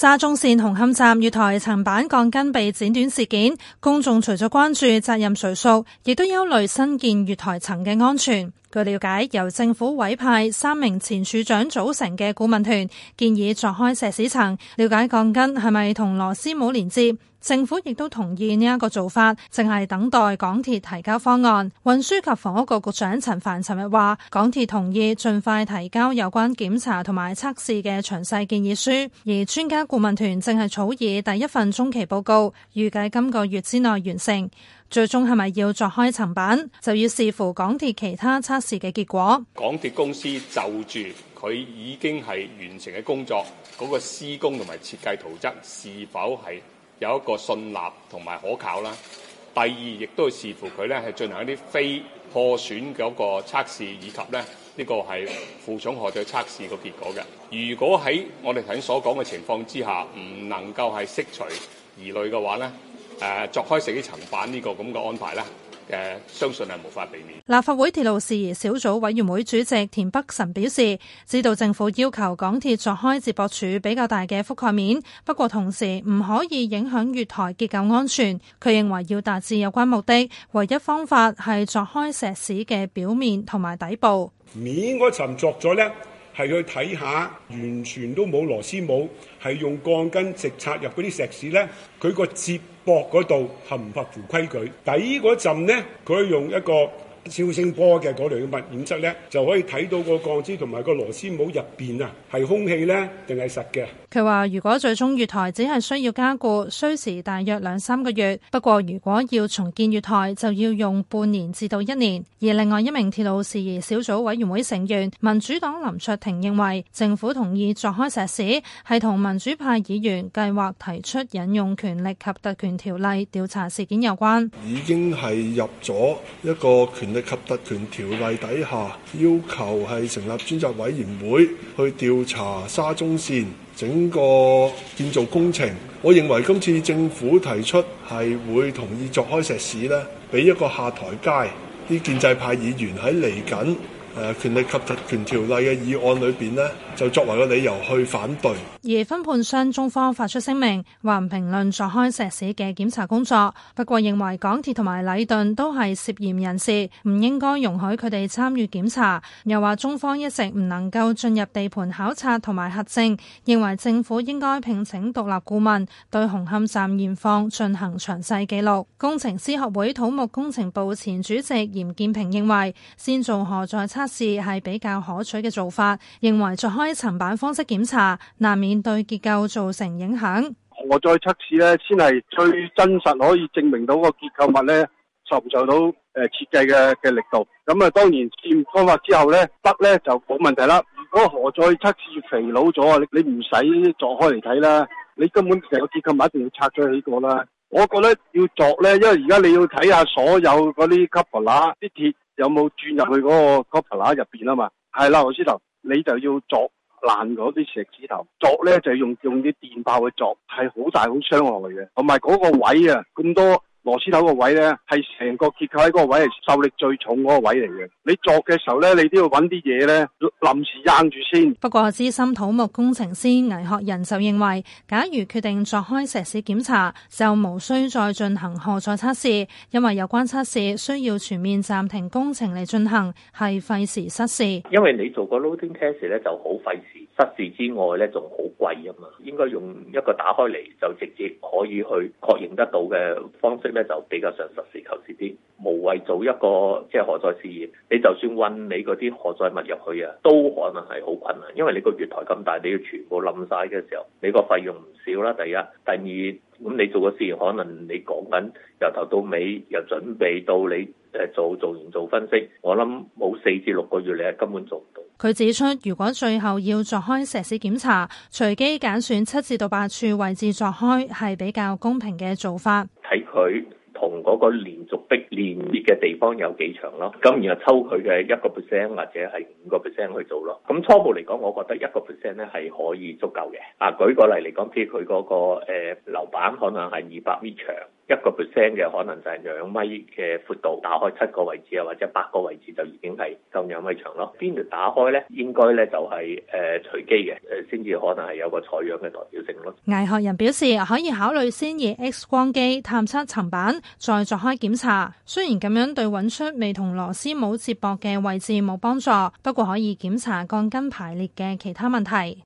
沙中線紅磡站月台層板鋼筋被剪短事件，公眾除咗關注責任誰屬，亦都憂慮新建月台層嘅安全。據了解，由政府委派三名前署長組成嘅顧問團建議鑿開石屎層，了解鋼筋係咪同螺絲帽連接。政府亦都同意呢一個做法，淨係等待港鐵提交方案。運輸及房屋局局長陳帆尋日話，港鐵同意盡快提交有關檢查同埋測試嘅詳細建議書，而專家顧問團淨係草擬第一份中期報告，預計今個月之內完成。最終係咪要鑿開層板，就要視乎港鐵其他測試嘅結果。港鐵公司就住佢已經係完成嘅工作，嗰、那個施工同埋設計圖則是否係有一個信納同埋可靠啦。第二，亦都視乎佢咧係進行一啲非破損嗰個測試，以及咧呢、這個係負重荷載測試個結果嘅。如果喺我哋頭先所講嘅情況之下，唔能夠係釋除疑慮嘅話咧。誒鑿開石屎層板呢個咁嘅安排啦，誒相信係無法避免。立法會鐵路事宜小組委員會主席田北辰表示，知道政府要求港鐵鑿開接駁柱比較大嘅覆蓋面，不過同時唔可以影響月台結構安全。佢認為要達至有關目的，唯一方法係鑿開石屎嘅表面同埋底部。面嗰層鑿咗呢。係去睇下，完全都冇螺絲母，係用鋼筋直插入嗰啲石屎咧。佢個接駁嗰度合唔合乎規矩？底嗰陣咧，佢用一個。超聲波嘅嗰類嘅物檢測咧，就可以睇到個鋼枝同埋個螺絲帽入邊啊，係空氣呢，定係實嘅。佢話：如果最終月台只係需要加固，需時大約兩三個月。不過如果要重建月台，就要用半年至到一年。而另外一名鐵路事宜小組委員會成員民主黨林卓廷認為，政府同意鑿開石屎，係同民主派議員計劃提出引用權力及特權條例調查事件有關。已經係入咗一個權力。《及特權條例》底下要求係成立專責委員會去調查沙中線整個建造工程。我認為今次政府提出係會同意作開石屎咧，俾一個下台階，啲建制派議員喺嚟緊。誒權力及特權條例嘅議案裏邊呢，就作為個理由去反對。而分判商中方發出聲明，話唔評論鑿開石屎嘅檢查工作，不過認為港鐵同埋禮頓都係涉嫌人士，唔應該容許佢哋參與檢查。又話中方一直唔能夠進入地盤考察同埋核證，認為政府應該聘請獨立顧問對紅磡站現況進行詳細記錄。工程師學會土木工程部前主席嚴建平認為，先做荷載測試。是係比較可取嘅做法，認為作開層板方式檢查，難免對結構造成影響。荷載測試咧，先係最真實可以證明到個結構物咧受唔受到誒設計嘅嘅力度。咁、嗯、啊，當然試方法之後咧，得咧就冇問題啦。如果荷載測試肥佬咗，你唔使鑿開嚟睇啦，你根本成個結構物一定要拆咗起過啦。我覺得要鑿咧，因為而家你要睇下所有嗰啲 coupler 啲鐵。有冇轉入去嗰個 o p p e 入邊啊嘛？係啦，老師頭，你就要鑿爛嗰啲石子頭，鑿咧就用用啲電炮去鑿，係好大好傷害嘅，同埋嗰個位啊咁多。螺絲頭個位呢，係成個結構喺嗰個位係受力最重嗰個位嚟嘅。你鑿嘅時候呢，你都要揾啲嘢呢，臨時撐住先。不過資深土木工程師倪學仁就認為，假如決定鑿開石屎檢查，就無需再進行荷載測試，因為有關測試需要全面暫停工程嚟進行，係費時失事。因為你做個 loading test 咧，就好費時。失事之外咧，仲好貴啊嘛，應該用一個打開嚟就直接可以去確認得到嘅方式咧，就比較上實事求是啲。無謂做一個即係荷載試驗，你就算運你嗰啲荷載物入去啊，都可能係好困難，因為你個月台咁大，你要全部冧晒嘅時候，你個費用唔少啦。第一，第二，咁你做個試驗，可能你講緊由頭到尾，由準備到你。係做做完做分析，我諗冇四至六個月你係根本做唔到。佢指出，如果最後要作開石屎檢查，隨機揀選七至到八處位置作開係比較公平嘅做法。睇佢同嗰個連續壁連接嘅地方有幾長咯，咁然後抽佢嘅一個 percent 或者係五個 percent 去做咯。咁初步嚟講，我覺得一個 percent 咧係可以足夠嘅。啊，舉個例嚟講，譬如佢嗰個誒樓板可能係二百米長。一個 percent 嘅可能就係兩米嘅闊度，打開七個位置啊，或者八個位置就已經係夠兩米長咯。邊度打開咧？應該咧就係、是、誒、呃、隨機嘅，誒先至可能係有個採樣嘅代表性咯。危學人表示，可以考慮先以 X 光機探測層板，再作開檢查。雖然咁樣對揾出未同螺絲帽冇接駁嘅位置冇幫助，不過可以檢查鋼筋排列嘅其他問題。